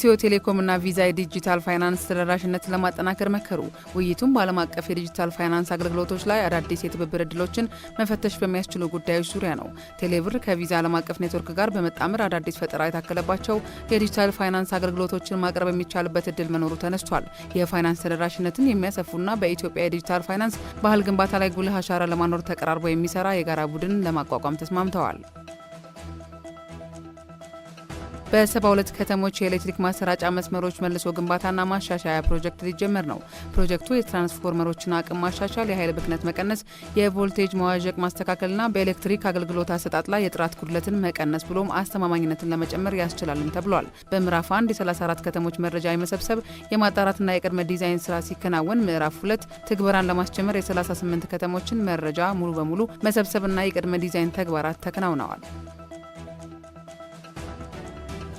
ኢትዮ ቴሌኮምና ቪዛ የዲጂታል ፋይናንስ ተደራሽነት ለማጠናከር መከሩ። ውይይቱም በዓለም አቀፍ የዲጂታል ፋይናንስ አገልግሎቶች ላይ አዳዲስ የትብብር እድሎችን መፈተሽ በሚያስችሉ ጉዳዮች ዙሪያ ነው። ቴሌብር ከቪዛ ዓለም አቀፍ ኔትወርክ ጋር በመጣመር አዳዲስ ፈጠራ የታከለባቸው የዲጂታል ፋይናንስ አገልግሎቶችን ማቅረብ የሚቻልበት እድል መኖሩ ተነስቷል። የፋይናንስ ተደራሽነትን የሚያሰፉና በኢትዮጵያ የዲጂታል ፋይናንስ ባህል ግንባታ ላይ ጉልህ አሻራ ለማኖር ተቀራርቦ የሚሰራ የጋራ ቡድን ለማቋቋም ተስማምተዋል። በሰባ ሁለት ከተሞች የኤሌክትሪክ ማሰራጫ መስመሮች መልሶ ግንባታና ማሻሻያ ፕሮጀክት ሊጀመር ነው። ፕሮጀክቱ የትራንስፎርመሮችን አቅም ማሻሻል፣ የኃይል ብክነት መቀነስ፣ የቮልቴጅ መዋዠቅ ማስተካከልና በኤሌክትሪክ አገልግሎት አሰጣጥ ላይ የጥራት ጉድለትን መቀነስ ብሎም አስተማማኝነትን ለመጨመር ያስችላልም ተብሏል። በምዕራፍ አንድ የ34 ከተሞች መረጃ የመሰብሰብ የማጣራትና የቅድመ ዲዛይን ስራ ሲከናወን፣ ምዕራፍ ሁለት ትግበራን ለማስጀመር የ38 ከተሞችን መረጃ ሙሉ በሙሉ መሰብሰብና የቅድመ ዲዛይን ተግባራት ተከናውነዋል።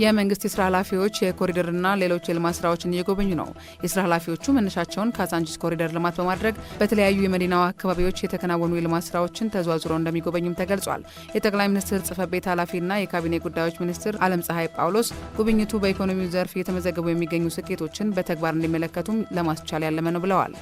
የመንግስት የስራ ኃላፊዎች የኮሪደርና ሌሎች የልማት ስራዎችን እየጎበኙ ነው። የስራ ኃላፊዎቹ መነሻቸውን ካዛንቺስ ኮሪደር ልማት በማድረግ በተለያዩ የመዲናዋ አካባቢዎች የተከናወኑ የልማት ስራዎችን ተዘዋዝሮ እንደሚጎበኙም ተገልጿል። የጠቅላይ ሚኒስትር ጽህፈት ቤት ኃላፊና የካቢኔ ጉዳዮች ሚኒስትር አለም ፀሐይ ጳውሎስ ጉብኝቱ በኢኮኖሚው ዘርፍ እየተመዘገቡ የሚገኙ ስኬቶችን በተግባር እንዲመለከቱም ለማስቻል ያለመ ነው ብለዋል።